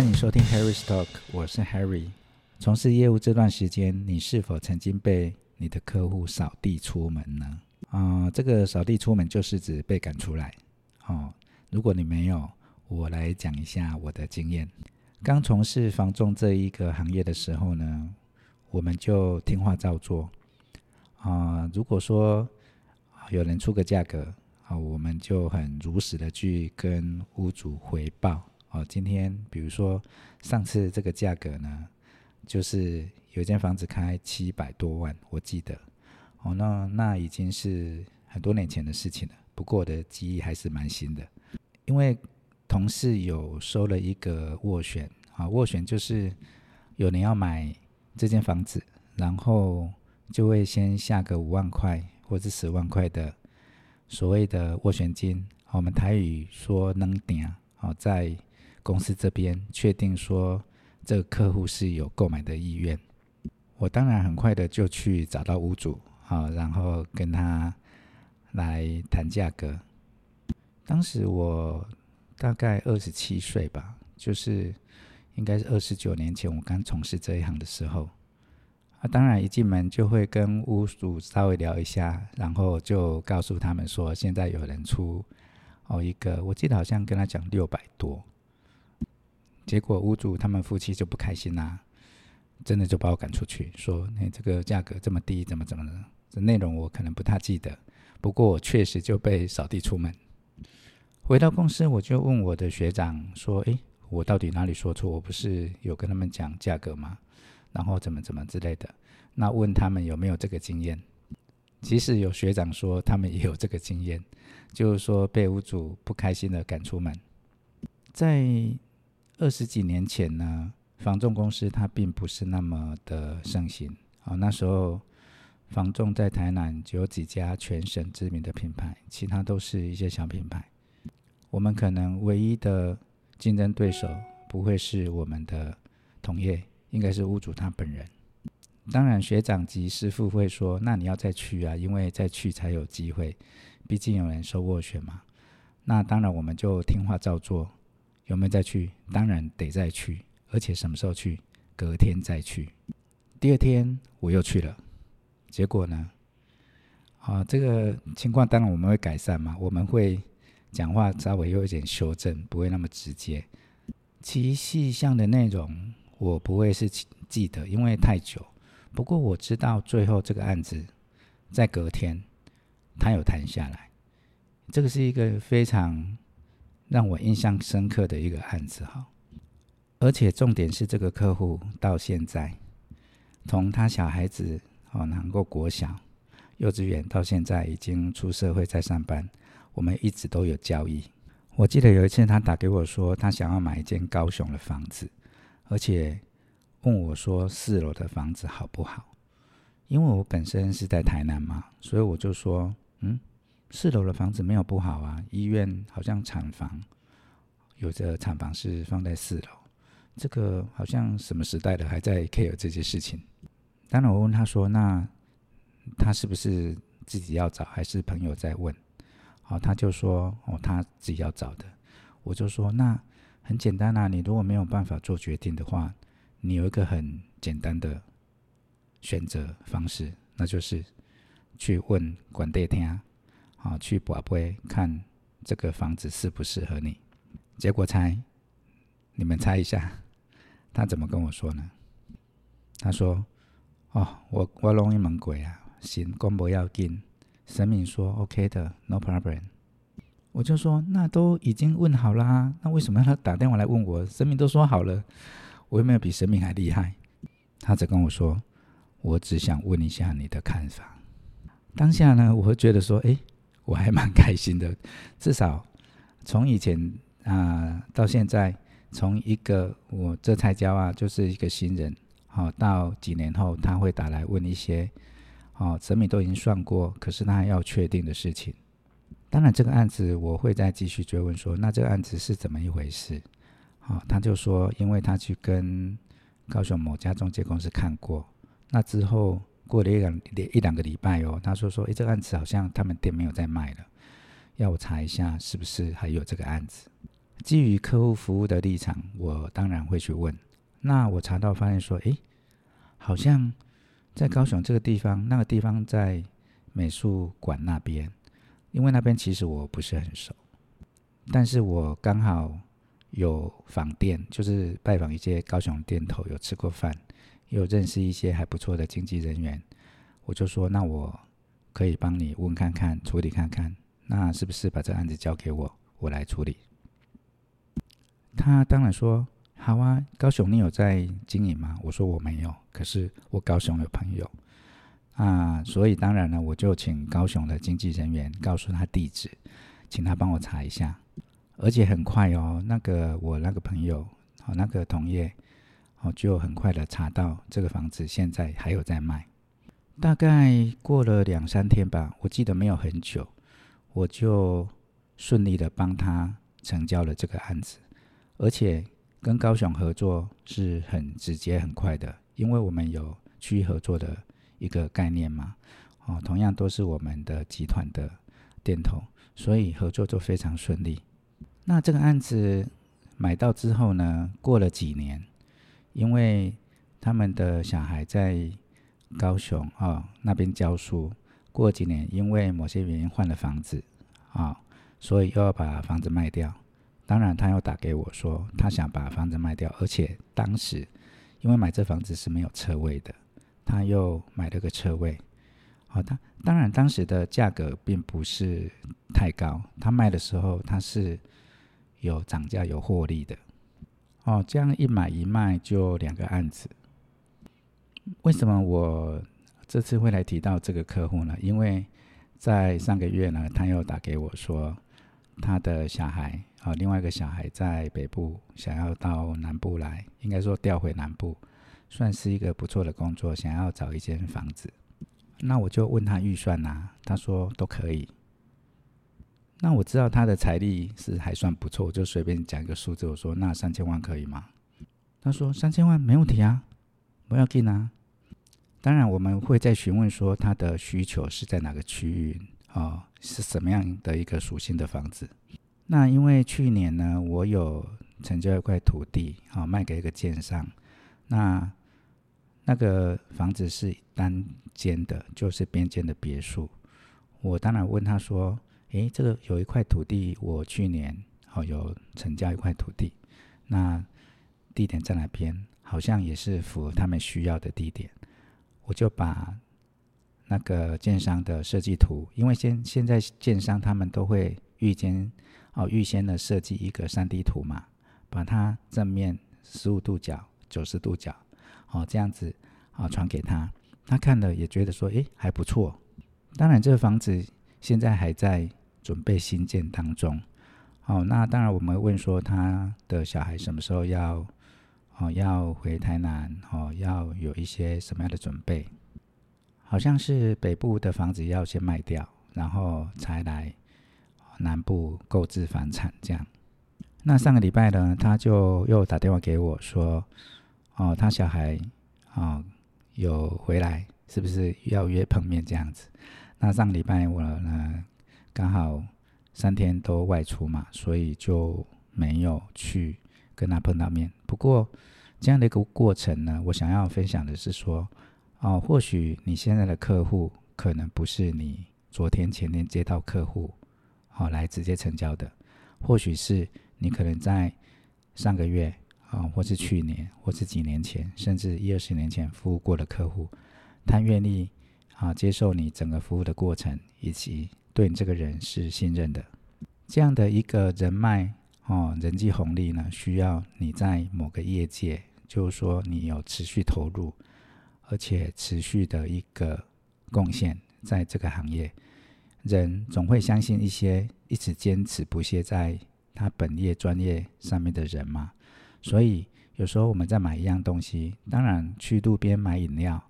歡迎收聽 Harry's Talk，我是 Harry。從事業務這段時間，你是否曾經被你的客戶掃地出門呢？啊、呃，這個掃地出門就是指被趕出來。哦，如果你沒有，我來講一下我的經驗。剛從事房仲這一個行業的時候呢，我們就聽話照做。啊、呃，如果說有人出個價格，啊、哦，我們就很如實的去跟屋主回報。哦，今天比如說上次這個價格呢，就是有一間房子開七百多萬，我記得。哦，那那已經是很多年前的事情了。不過我的記憶還是蠻新的，因為同事有收了一個斡旋啊，斡旋就是有人要買這間房子，然後就會先下個五萬塊或者十萬塊的所謂的斡旋金。我們台語說“能頂”啊，在公司這邊確定說這個客戶是有購買的意願，我當然很快的就去找到屋主好，然後跟他來談價格。當時我大概二十七歲吧，就是應該是二十九年前我剛從事這一行的時候啊。當然一進門就會跟屋主稍微聊一下，然後就告訴他們說現在有人出哦一個，我記得好像跟他講六百多。結果屋主他們夫妻就不開心啦、啊，真的就把我趕出去，說：“你這個價格這麼低，怎麼怎麼的？”這內容我可能不太記得，不過我確實就被掃地出門。回到公司，我就問我的學長說：“誒，我到底哪裡說錯？我不是有跟他們講價格嗎？然後怎麼怎麼之類的？”那問他們有沒有這個經驗，其實有學長說他們也有這個經驗，就是說被屋主不開心地趕出門，在。二十幾年前呢，房仲公司它並不是那麼的盛行。哦，那時候房仲在台南只有幾家全省知名的品牌，其他都是一些小品牌。我們可能唯一的競爭對手不會是我們的同業，應該是屋主他本人。當然，學長及師傅會說：“那你要再去啊，因為再去才有機會，畢竟有人收斡旋嘛。”那當然，我們就聽話照做。有沒有再去？當然得再去，而且什麼時候去？隔天再去。第二天我又去了，結果呢？啊，這個情況當然我們會改善嘛，我們會講話稍微有一點修正，不會那麼直接。其實細項的內容我不會是記得，因為太久。不過我知道最後這個案子在隔天他有談下來，這個是一個非常。讓我印象深刻的一個案子哈，而且重點是這個客戶到現在，從他小孩子哦能夠國小、幼稚園，到現在已經出社會在上班，我們一直都有交易。我記得有一次他打給我說，他想要買一間高雄的房子，而且問我說四樓的房子好不好？因為我本身是在台南嘛，所以我就說嗯。四樓的房子沒有不好啊，醫院好像產房，有的產房是放在四樓。這個好像什麼時代的還在 care 這些事情。當然，我問他說：“那他是不是自己要找，還是朋友在問？”好，他就說：“哦，他自己要找的。”我就說：“那很簡單啊，你如果沒有辦法做決定的話，你有一個很簡單的選擇方式，那就是去問管代啊。”啊，去拔杯，看這個房子適不適合你？結果猜，你們猜一下，他怎麼跟我說呢？他說：“哦，我我弄一門鬼啊，行，公不要緊，神明說 OK 的，no problem。”我就說：“那都已經問好啦，那為什麼他打電話來問我？神明都說好了，我有沒有比神明還厲害？”他只跟我說：“我只想問一下你的看法。”當下呢，我會覺得說：“誒、欸……”我還蠻開心的，至少從以前啊到現在，從一個我這菜椒啊就是一個新人，好到幾年後他會打來問一些，哦，成本都已經算過，可是他還要確定的事情。當然這個案子我會再繼續追問說，那這個案子是怎麼一回事？哦，他就說，因為他去跟高雄某家仲介公司看過，那之後。過了一兩一兩個禮拜哦，他說說，誒、欸，這個案子好像他們店沒有在賣了，要我查一下是不是還有這個案子。基於客戶服務的立場，我當然會去問。那我查到發現說，哎、欸，好像在高雄這個地方，那個地方在美術館那邊，因為那邊其實我不是很熟，但是我剛好有訪店，就是拜訪一些高雄店頭，有吃過飯。又認識一些還不錯的經紀人員，我就說：“那我可以幫你問看看、處理看看，那是不是把這案子交給我，我來處理？”他當然說：“好啊，高雄你有在經營嗎？”我說：“我沒有，可是我高雄有朋友啊，所以當然了，我就請高雄的經紀人員告訴他地址，請他幫我查一下。而且很快哦，那個我那個朋友，那個同業。”哦，就很快的查到這個房子現在還有在賣，大概過了兩三天吧，我記得沒有很久，我就順利的幫他成交了這個案子，而且跟高雄合作是很直接很快的，因為我們有區域合作的一個概念嘛，哦，同樣都是我們的集團的店頭，所以合作就非常順利。那這個案子買到之後呢，過了幾年。因為他們的小孩在高雄哦那邊教書，過幾年因為某些原因換了房子啊、哦，所以又要把房子賣掉。當然，他又打給我說他想把房子賣掉，而且當時因為買這房子是沒有車位的，他又買了個車位。好、哦，他當然當時的價格並不是太高，他賣的時候他是有漲價有獲利的。哦，這樣一買一賣就兩個案子。為什麼我這次會來提到這個客戶呢？因為在上個月呢，他又打給我說，他的小孩，啊、哦，另外一個小孩在北部，想要到南部來，應該說調回南部，算是一個不錯的工作，想要找一間房子。那我就問他預算吶、啊，他說都可以。那我知道他的財力是還算不錯，我就隨便講一個數字，我說，那三千萬可以嗎？他說三千萬沒問題啊，不要給呢。當然，我們會再詢問說，他的需求是在哪個區域啊，是什麼樣的一個屬性的房子？那因為去年呢，我有成交一塊土地，啊賣給一個建商，那那個房子是單間的，就是邊間的別墅。我當然問他說，誒，這個有一塊土地，我去年哦有成交一塊土地，那地點在哪邊？好像也是符合他們需要的地點。我就把那個建商的設計圖，因為現現在建商他們都會預先哦預先的設計一個三 D 圖嘛，把它正面十五度角，九十度角哦這樣子啊，哦，傳給他，他看了也覺得說，誒，還不錯。當然這個房子現在還在。準備新建當中，哦，那當然我們會問說，他的小孩什麼時候要哦要回台南哦要有一些什麼樣的準備？好像是北部的房子要先賣掉，然後才來南部購置房產這樣。那上個禮拜呢，他就又打電話給我說，哦，他小孩啊、哦、有回來，是不是要約碰面這樣子？那上個禮拜我呢？剛好三天都外出嘛，所以就沒有去跟他碰到面。不過這樣的一個過程呢，我想要分享的是說，啊，或許你現在的客戶可能不是你昨天、前天接到客戶，後來直接成交的，或許是你可能在上個月啊，或是去年，或是幾年前，甚至一二十年前服務過的客戶，他願意啊接受你整個服務的過程以及。對你這個人是信任的，這樣的一個人脈哦，人際紅利呢，需要你在某個業界，就是說你有持續投入，而且持續的一個貢獻，在這個行業，人總會相信一些一直堅持不懈在他本業專業上面的人嘛。所以有時候我們在買一樣東西，當然去路邊買飲料，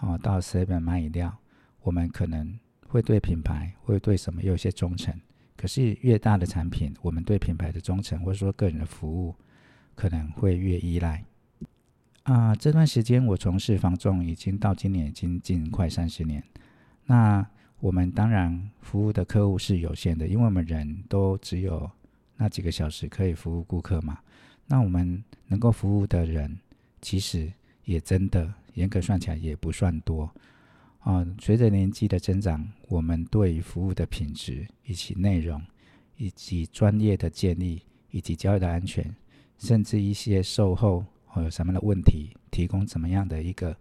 哦，到水本買飲料，我們可能。會對品牌，會對什麼有些忠誠？可是越大的產品，我們對品牌的忠誠，或者說個人的服務，可能會越依賴、呃。啊，這段時間我從事房仲已經到今年已經近快三十年。那我們當然服務的客戶是有限的，因為我們人都只有那幾個小時可以服務顧客嘛。那我們能夠服務的人，其實也真的嚴格算起來也不算多。啊，隨着年紀的增長，我們對於服務的品質以及內容，以及專業的建立，以及交易的安全，甚至一些售後或什麼樣的問題，提供怎麼樣的一個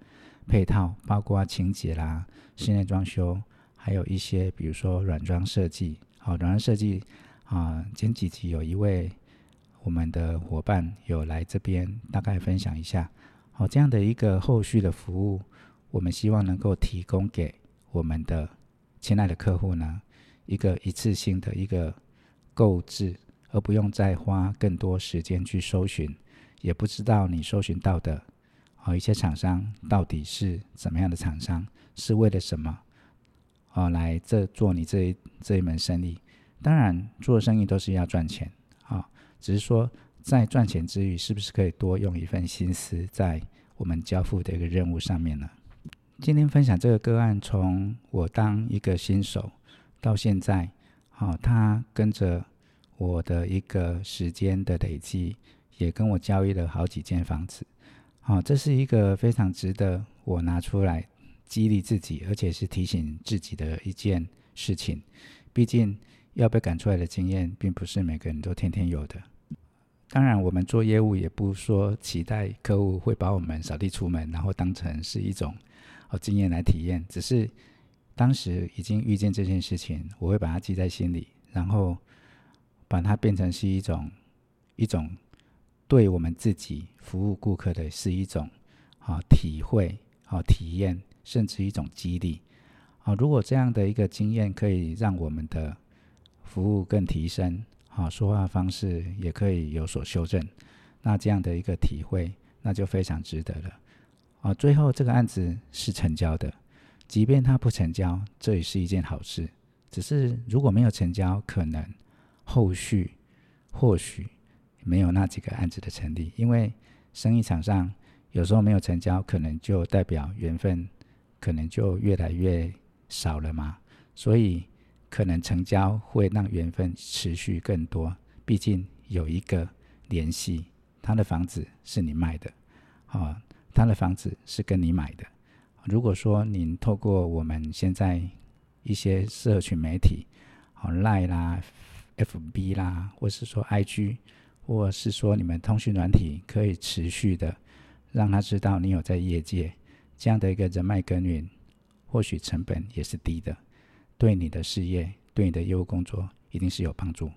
配套，包括清潔啦、室內裝修，還有一些比如說軟裝設計。好，軟裝設計啊，前幾集有一位我們的夥伴有來這邊大概分享一下。好，這樣的一個後續的服務。我們希望能夠提供給我們的親愛的客戶呢，一個一次性的一個購置，而不用再花更多時間去搜尋，也不知道你搜尋到的啊一些廠商到底是怎麼樣的廠商，是為了什麼啊來這做你這一這一門生意？當然，做生意都是要賺錢啊，只是說在賺錢之餘，是不是可以多用一份心思在我們交付的一個任務上面呢？今天分享這個個案，從我當一個新手到現在，好，他跟着我的一個時間的累積，也跟我交易了好幾間房子，好，這是一個非常值得我拿出來激勵自己，而且是提醒自己的一件事情。畢竟要被趕出來的經驗，並不是每個人都天天有的。當然，我們做業務也不說期待客戶會把我們掃地出門，然後當成是一種。和經驗來體驗，只是當時已經遇見這件事情，我會把它記在心裡，然後把它變成是一種一種對我們自己服務顧客的是一種啊體會啊體驗，甚至一種激勵啊。如果這樣的一個經驗可以讓我們的服務更提升，啊說話方式也可以有所修正，那這樣的一個體會那就非常值得了。啊，最後這個案子是成交的。即便他不成交，這也是一件好事。只是如果沒有成交，可能後續或許沒有那幾個案子的成立，因為生意場上有時候沒有成交，可能就代表緣分可能就越來越少了嘛。所以，可能成交會讓緣分持續更多。畢竟有一個聯繫，他的房子是你賣的，啊。他的房子是跟你買的。如果說您透過我們現在一些社群媒體，好 Line 啦、FB 啦，或是說 IG，或是說你們通訊軟體，可以持續的讓他知道你有在業界這樣的一個人脈耕耘，或許成本也是低的，對你的事業、對你的業務工作一定是有幫助。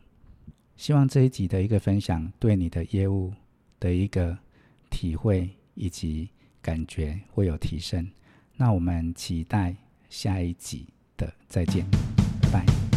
希望這一集的一個分享，對你的業務的一個體會，以及感覺會有提升，那我們期待下一集的再見，拜拜。